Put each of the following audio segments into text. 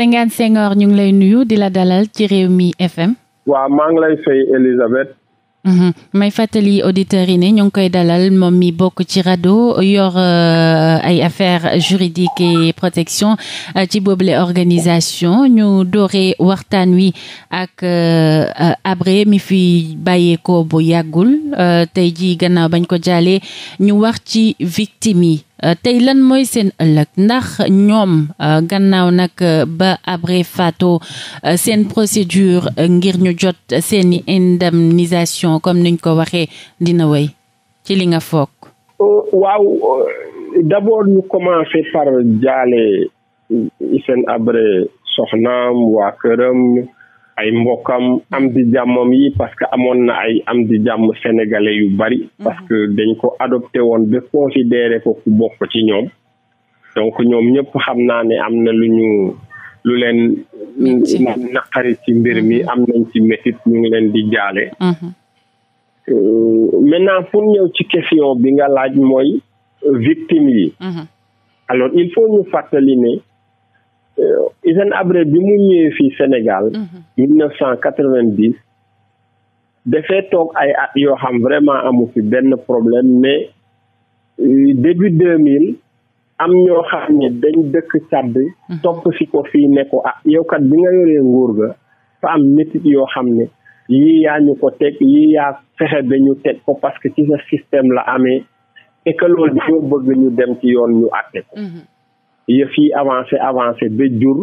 Senghane Senghor ñu ngi lay nuyu di la dalal ci Rewmi FM. waaw maa ngi fay Elisabeth. Mhm. may fàttali auditeurs yi ne ñu ngi koy dalal moom mi bokk ci RADDHO yor euh, ay affaires juridiques et protection euh, ci boobule organisation ñu dooree waxtaan wi ak Habré euh, mi fi bàyyeekoo bu yàggul tey ji gannaaw bañ ko jaalee ñu wax ci victimes Euh, tey lan mooy seen ëllëg ndax ñoom euh, gannaaw nag euh, ba Habré Fathio seen procédure ngir ñu jot seeni indemnisation comme niñ ko waxee dina wéy ci li nga foog waaw d'abord ñu commencer par jaale seen Habré soxnaam waa këram ay mbokkam am di jàmmam yi parce que amoon na ay am di jàmm sénégalais yu bari mhm. parce que dañ ko adopté woon ba considéré ko ku bokk ci ñoom donc ñoom ñëpp xam naa ne am na lu ñu lu leen naqari ci mbir mi mhm. am nañ ci métit ñu ngi leen di jaale mhm. euh, maintenant pour ñëw ci question bi nga laaj mooy euh, victime yi alors il faut ñu fàttali ne Euh, Hissène Habré bi mu ñëwee fii Sénégal. 1990. Mhm. dafee toog ay at yoo xam vraiment amu fi benn problème mais euh, début 2000 am ñoo xam ne dañ dëkk Tchad. Mhm. topp si ko fii ne ko ah yow kat bi nga yoree nguur ga fa am métit yoo xam ne yii yaa ñu ko teg yii yaa fexe ba ñu teg ko parce que ci sa système la amee et que bëgg ñu dem ci yoon ñu àtte ko. Mhm. yëf yi avancé avancer ba jur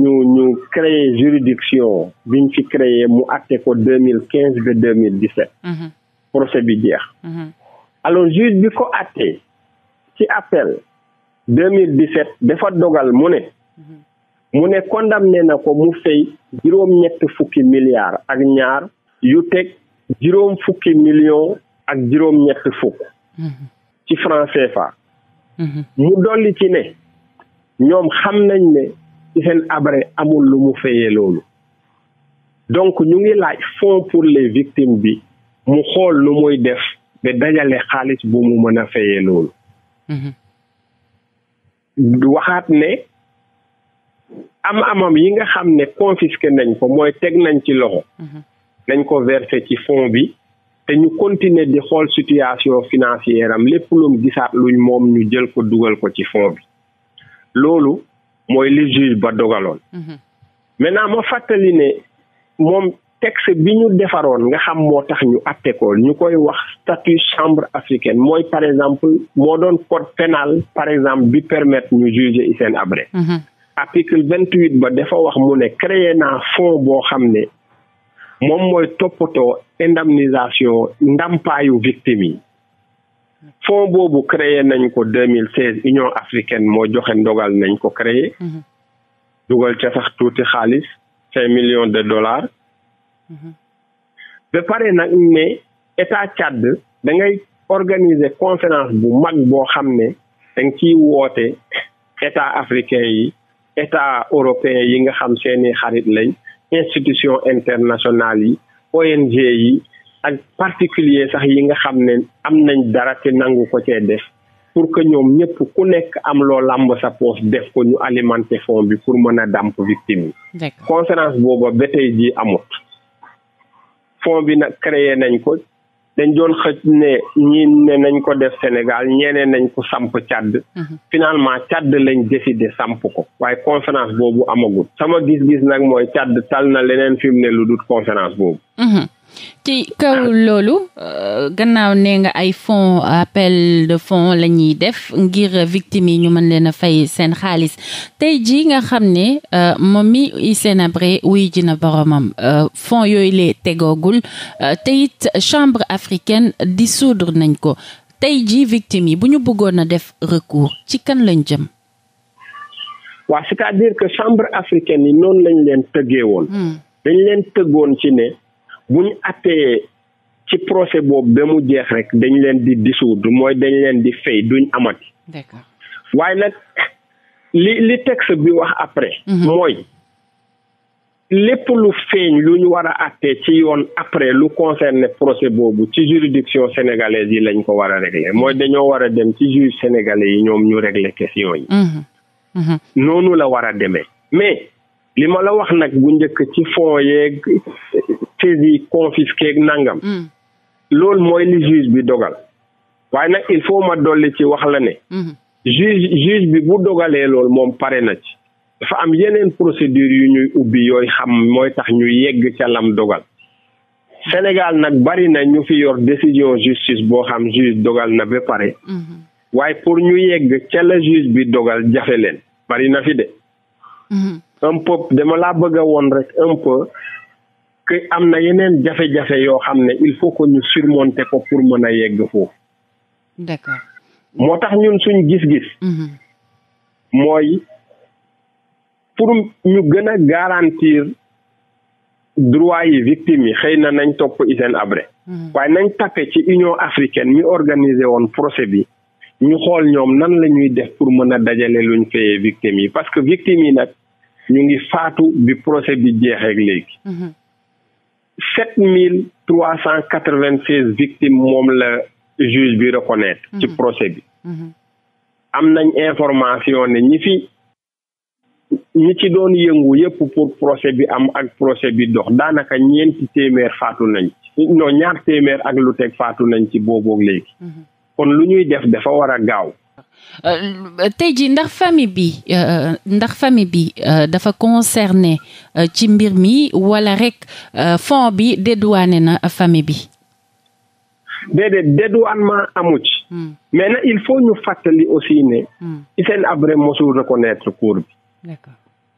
ñu ñu créé juridiction biñ fi créé mu acté ko deux mille quinze de deux mille dix sept mhm. procès bi jeex mhm. alors juge bi ko acté ci appel deux mille dix sept dafa dogal mu ne mhm. mu ne condamné na ko mu fay juróom ñett fukki milliards ak ñaar yu teg juróom fukki millions ak juróom ñett fukk ci franc CFA mu dolli ne ñoom xam nañ ne ci seen abré amul lu mu fayee loolu donc ñu ngi laaj fonds pour les victimes bi mu xool lu muy def ba dajale xaalis bu mu mën a fayee loolu mhm. waxaat ne am amam yi nga xam ne confisqué nañ ko mooy teg nañ ci loxo mhm. nañ ko versé ci fonds bi te ñu continuer di xool situation financière lépp lum gisaat luñ moom ñu jël ko dugal ko ci fonds bi loolu mooy li juge ba dogaloon mhm. maintenant ma fàttali ne moom texte bi ñu defaroon nga xam moo tax ñu atte ko ñu koy wax statut chambre africaine mooy par exemple moo doon code pénal par exemple bi permettre ñu juger Hissène Habré mhm. article vingt huit ba dafa wax mu ne créer naa fonds boo xam ne moom mooy toppatoo indemnisation ndampaayu victime yi fonds boobu créé nañ ko 2016 Union africaine moo joxe ndogal nañ ko créé. Mhm. dugal ca tuuti xaalis cinq millions de dollars. Mhm. ba pare nag ne état Tchad da ngay organiser conférence bu mag boo xam ne da nga ciy woote état africain yi état européen yi nga xam seeni xarit lañ institution internationale yi ONG yi. ak particulier sax yi nga xam ne am nañ dara te nangu ko cee def pour que ñoom ñëpp ku nekk am loo làmb sa poos def ko ñu alimenter fond bi pour mën a dàmp victime yi conférence booba ba tey ji amut fond bi nag créer nañ ko dañ doon xëj ne ñi ne nañ ko def Sénégal ñeneen nañ ko samp Tchad mhm. finalement Tchad lañ décidé samp ko waaye conférence boobu amagul sama gis-gis nag mooy Tchad tal na leneen fi ne lu dut conférence boobu mhm. ci kaw loolu euh, gannaaw nee nga ay fon appel de fonds la def ngir victimes yi ñu mën leen a fay seen xaalis tey jii nga xam ne euh, moom mi seen Habré wuy ji na boroomam euh, fonds yooyu lee tegoogul te it chambre africaine dissoudre nañ ko tey jii victimes yi bu ñu bëggoon a def recours ci kan lañ jëm waaw c'est-à-dire que chambre africaine yi noonu lañ leen tëggee woon hmm. dañ leen tëggoon ci ne bu ñu attee ci procès boobu ba mu jeex rek dañ leen di dissoudre mooy dañ leen di fay duñ amati. d'accord waaye nag li li texte bi wax après. Mhm. mooy lépp lu feeñ lu ñu war a attee ci yoon après lu concerne procès boobu ci juridiction sénégalaise yi lañ ko war a régler mooy dañoo war a dem ci juge sénégalais yi ñoom ñu régler question yi. Mhm. Mhm. noonu la war a demee mais. li ma la wax nag bu njëkk ci fonds yeeg saisi confisqué ak nangam. Mm. loolu mooy li juge bi dogal. waaye nag il faut ma dolli ci wax la ne. Mm-hmm. juge juge bi bu dogalee lool moom pare na ci. dafa am yeneen procédure yu ñuy ubbi yooy xam mooy tax ñu yegg ca lam dogal. Sénégal nag bari na ñu fi yor décision justice boo xam juge dogal na ba pare. Mm-hmm. waaye pour ñu yegg ca la juge bi dogal jafe leen bari fi de. Mm-hmm. un peu dama laa bëgg woon rek un peu que am na yeneen jafe-jafe yoo xam ne il faut ko ñu surmonter ko pour mën a yegg foofu. d'accord moo tax ñun suñ gis-gis. Mm-hmm. mooy pour ñu gën a garantir droit yi victimes yi xëy na nañ topp Hissène Habré. Mm-hmm. waaye nañ tapé ci Union africaine mi organisé woon procès bi. ñu xool ñoom nan la ñuy def pour mën a dajale luñ fayee victimes yi parce que victimes yi nag. ñu ngi faatu bi procès bi jeexee léegi mhm. sept mille trois cent quatre vingt seize victimes moom la juge bi reconnaître ci mhm. procès bi mhm. am nañ information ne ñi fi ñi ci doon yëngu yëpp pour procès bi am ak procès bi dox daanaka ñeenti téeméer faatu nañ non ñaar téeméer ak lu teg faatu nañ ci booboog léegi kon lu ñuy def dafa war a gaaw Euh, tey jii ndax famille bi euh, ndax famille bi euh, dafa concerné ci mbir mi wala rek fond bi dédouané na famille bi déedéet dédouanement amu ci hmm. mais il faut ñu fàttali aussi ne hmm. Hissène Habré mosul reconnaître cour bi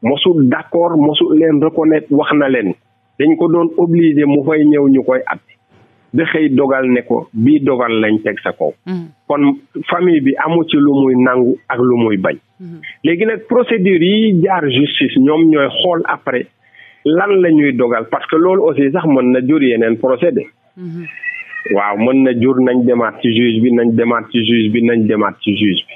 mosul d'accord mosul leen reconnaître wax na leen dañ ko doon obligé mu fay ñëw ñu koy at da xëy dogal ne ko bii dogal lañ teg sa kaw. Mm. kon famille bi amu ci lu muy nangu ak lu muy bañ. Mm-hmm. léegi nag procédure yi jaar justice ñoom ñooy xool après lan la ñuy dogal parce que loolu aussi sax mën na jur yeneen procédé. Mm-hmm. waaw mën na jur nañ demaat ci juge bi nañ demaat ci juge bi nañ demaat ci juge bi.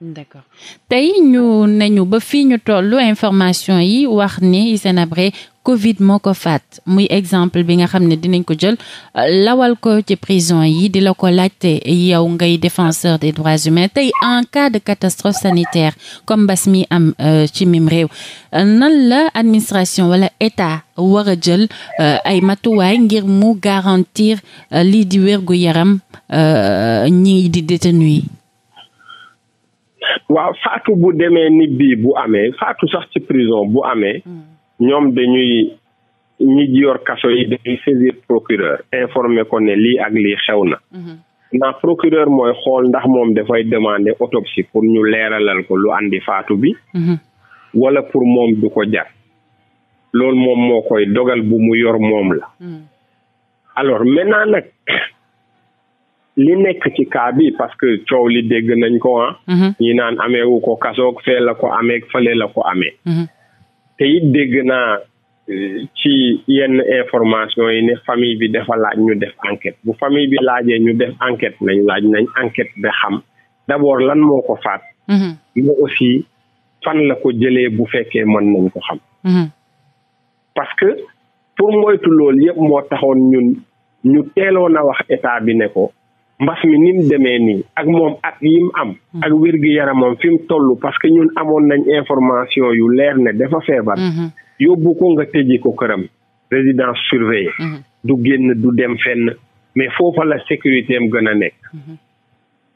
d'accord tey ñu nañu ba fii ñu tollu information yi wax ni seen Habré Covid moo ko faat muy exemple bi nga xam ne dinañ ko jël lawal ko ci prison yi di la ko laajte yow ngay défenseur des droits humains tey en cas de catastrophe sanitaire comme mbas mi am euh, ci mim réew nan la administration wala état war a jël euh, ay matuwaay ngir mu garantir euh, lii di wérgu yaram ñi di détenu yi waaw faatu bu demee ni bii bu amee faatu sax prison bu amee hmm. ñoom dañuy ñi yor kaso yi dañuy saisir procureur informer ko ne lii ak lii xew na. Mhm. ndax procureur mooy xool ndax moom dafay demande autopsie pour ñu leeralal ko lu andi faatu bi. Mhm. wala pour moom du ko jar. loolu moom moo koy dogal bu mu yor moom la. Mhm. alors maintenant nag li nekk ci cas bi parce que coow li dégg nañ ko ah. ñi naan ameewu ko kasoog fee la ko amee fële la ko amee. te it dégg naa euh, ci yenn information yi ne famille bi dafa laaj ñu def enquête bu famille bi laajee ñu def enquête nañ laaj nañ enquête ba xam d'abord lan moo ko faat mm-hmm. mais aussi fan la ko jëlee bu fekkee mën nañ ko xam mm-hmm. parce que pour moytu loolu yëpp moo taxoon ñun ñu teeloon a wax état bi ne ko mbas mi ni mu demee nii ak moom at yi mu am. Mm. ak wér gi yaramam fi mu toll parce que ñun amoon nañ information yu leer ne dafa feebar. Mm-hmm. yóbbu ko nga tëjee ko këram. résidence surveillée. Mm-hmm. du génn du dem fenn mais foofa la sécurité am gën a nekk. Mm-hmm.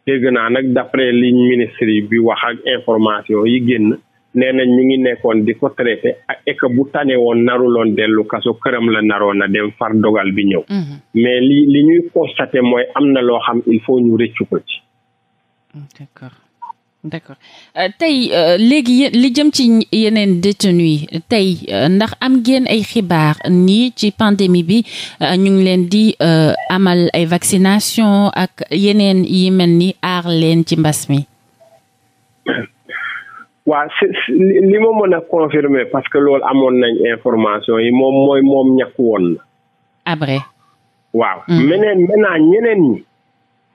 dégg naa nag d'après liñ ministre yi bi wax ak information yi génn. nee nañ ñu ngi nekkoon di ko traité ak ek bu tane woon loon dellu kaso këram la naroon a dem far dogal bi ñëw. Mm-hmm. mais li ñuy constaté mooy am na loo xam il faut ñu rëccu ko ci. d'accord d'accord euh, tey euh, léegi li jëm ci yeneen détenu yi tey euh, ndax am geen ay xibaar nii ci pandémie bi ñu ngi leen di amal ay vaccination ak yeneen yi mel ni aar leen ci mbas mi. waa li ma mën a confirmer parce que loolu amoon nañ information yi moom mooy moom ñàkk woon na. après. Ah, waaw hmm. meneen maintenant ñeneen ñi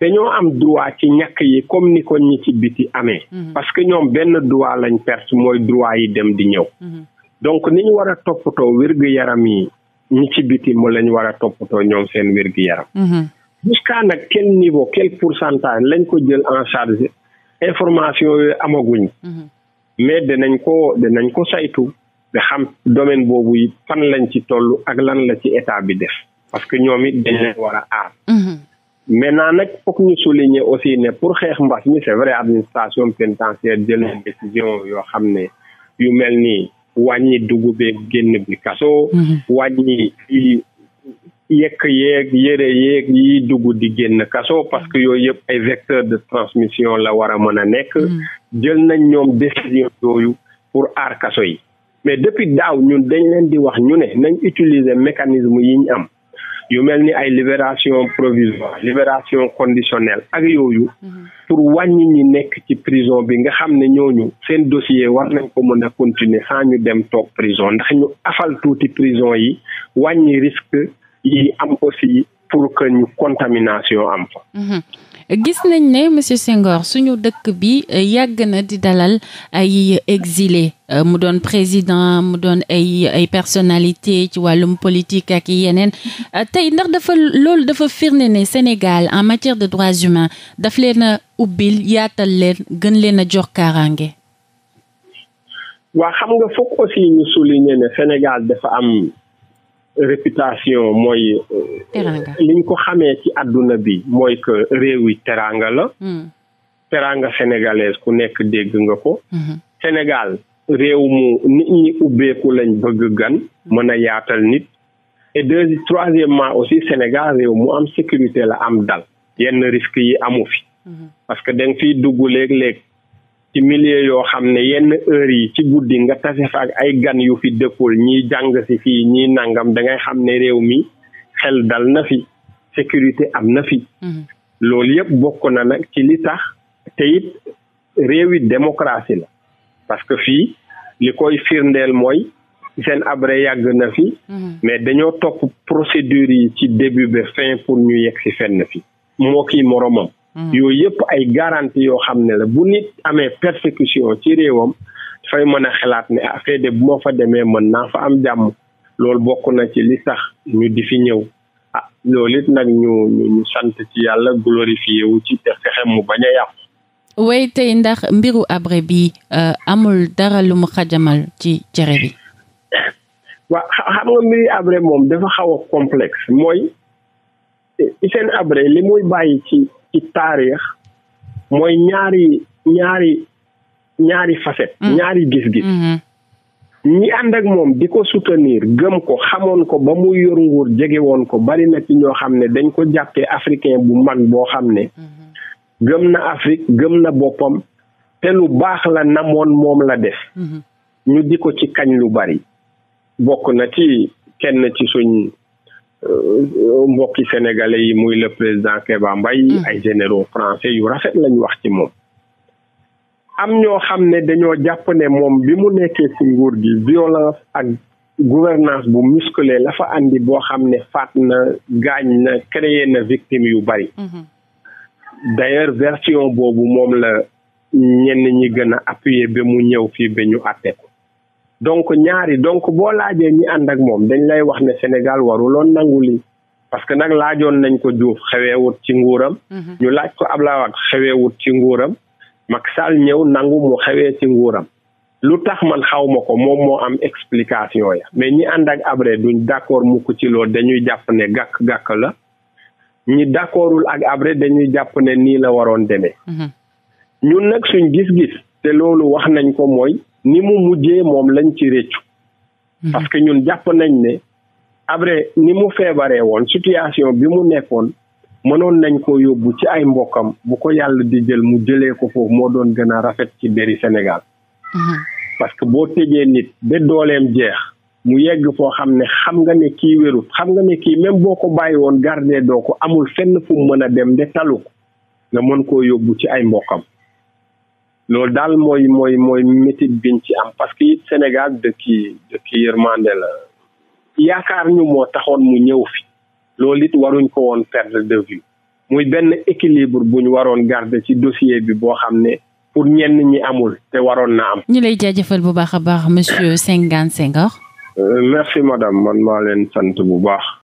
dañoo am droit ci ñàkk yi comme ni ko ñi ci biti amee. Hmm. parce que ñoom benn droit lañ perte mooy droit yi dem di ñëw. Hmm. donc ni ñu war a toppatoo wér-gu-yaram yi ñi ci biti mu lañ war a toppatoo ñoom seen wér-gu-yaram. jusqu'à nag quel niveau quel pourcentage lañ ko jël en charge information yooyu amaguñ. mais danañ ko danañ ko saytu nga xam domaine boobu it fan lañ ci toll ak lan la ci état bi def parce que ñoom it dañ leen war a mais mhm. maintenant nag foog ñu souligner aussi ne pour xeex mbas mi c'est vrai administration pénitentiaire jël na décision yoo xam ne yu mel nii wàññi dugub beeg génn bi kaso mhm. wàññi yekk yeeg yére yeeg yi dugg di génn kaso parce que yooyu yëpp ay vecteur de transmission la war a mën a nekk mhm. jël nañ ñoom décision yooyu pour aar kaso yi mais depuis daaw ñu dañ leen di wax ñu ne nañ utiliser mécanisme yi am yu mel ni ay libération provisoire libération conditionnelle ak yooyu mhm. pour wàññi ñi nekk ci prison bi nga xam ne ñooñu seen dossier war nañ ko mën a continuer sans ñu dem toog prison ndax ñu afal tuuti prison yi wàññi risque yi am aussi pour que ñu contamination am fa mhm. gis nañ ne monsieur Senghor suñu dëkk bi euh, yàgg na di dalal ay exile euh, mu doon président mu doon ay ay personnalité ci wàllum politique ak yeneen euh, tey ndax dafa loolu dafa firnde ne Sénégal en matière de droits humains daf leen a ubbil yaatal leen gën leen a jox kaaraange. waa xam nga foog aussi ñu souligner ne Sénégal dafa am. réputation mooy. Euh, teranga liñ ko xamee ci àdduna bi mooy que réew yu teranga la. Hmm. teranga sénégalaise ku nekk dégg nga ko. Hmm. Sénégal réew mu nit ñi ubbeeku lañ bëgg gan. mën a yaatal nit. et deux troisièmement aussi Sénégal réew mu am sécurité la am dal yenn risques yi amu fi. Hmm. parce que da nga fiy dugg léeg-léeg ci milieu yoo xam ne yenn heure yi ci guddi nga tase fa ak ay gan yu fi dëkkul ñiy jàng si fii ñiy nangam da ngay xam ne réew mi xel dal na fi sécurité am na fi. Mhm. loolu yëpp bokk na nag ci li tax te it réewi démocratie la parce que fii li koy firndeel mooy seen abré yàgg na fi. Mhm. mais dañoo topp procédure yi ci début ba fin pour ñu yegg ci fenn fi moo kii moromam. Mhm. yooyu yëpp ay garantie yoo xam ne la bu nit amee persécution ci réewam dafay mën a xalaat ne affaire ah, de bu ma fa demee mën naa fa am jàmm loolu bokk na ci li sax ñu di fi ñëw ah loolu it nag ñu ñu sant ci yàlla glorifié wu ci te fexe mu bañ a tey ndax mbiru Habré bi euh, amul dara lu mu xajamal ci moom dafa xaw a complexe mooy Hissène li muy bàyyi ci ci taarix mooy ñaari ñaari ñaari facette mm. ñaari gis-gis mm-hmm. ñi àndak moom di ko soutenir gëm ko xamoon ko ba mu yor nguur jege woon ko bari na ci ñoo xam ne dañ ko jàppee africain bu mag boo xam ne mm-hmm. gëm na Afrique gëm na boppam te lu baax la namoon moom la def mm-hmm. ñu di ko ci kañ lu bari bokk na ci kenn ci suñ Euh, mbokki sénégalais yi muy le président Kéba mbay hmm. ay généro français yu rafet lañu wax ci moom am ñoo xam ne dañoo jàpp ne moom bi mu nekkee ci nguur gi violence ak gouvernance bu musclé lafa fa boo xam ne faat na gaañ na créé na victime yu bari hmm. d'ailleurs version boobu moom la ñenn ñi gën a appuyer ba mu ñëw fii ba ñu àtte donc ñaari donc boo laajee ñi ànd ak moom dañ lay wax ne Sénégal waruloon nangu lii parce que nag laajoon nañ ko Diouf xeweewut ci nguuram. Mhm. ñu laaj ko Abdoulaye Wade xeweewut ci nguuram. mag Sall ñëw nangu mu xewee ci nguuram. lu tax man xawma ko moom moo am explication ya mais ñi ànd ak Abré duñ d'accord mukk ci loolu dañuy jàpp ne gàkk gàkk la ñi d'accordul ak Abré dañuy jàpp ne nii la waroon demee. Mhm. ñun nag suñ gis-gis te loolu wax nañ ko mooy. ni mu mujjee moom lañ ci réccu mhm. parce que ñun jàpp nañ ne après ni mu feebaree woon situation bi mu nekkoon mënoon nañ ko yóbbu ci ay mbokkam bu ko yàlla di jël mu jëlee ko foofu moo doon gën a rafet ci deri Sénégal mhm. parce que boo tegee nit ba dooleem jeex mu yegg foo xam ne xam nga ne kii wérut xam nga ne kii même boo ko bàyyi woon gardé doo ko amul fenn fu mu mën a dem de talu ko nga mën koo yóbbu ci ay mbokkam loolu daal mooy mooy mooy métit biñ ci am parce que it Sénégal dëkk yi dëkk yërmande la yaakaar ñu moo taxoon mu ñëw fi loolu it waruñ ko woon perdre de vue muy benn équilibre bu ñu waroon garder ci dossier bi boo xam ne pour ñenn ñi amul te waroon na am. ñu lay jaajëfal bu baax a baax monsieur Senghane Senghor. Euh, merci madame man maa leen sant bu baax.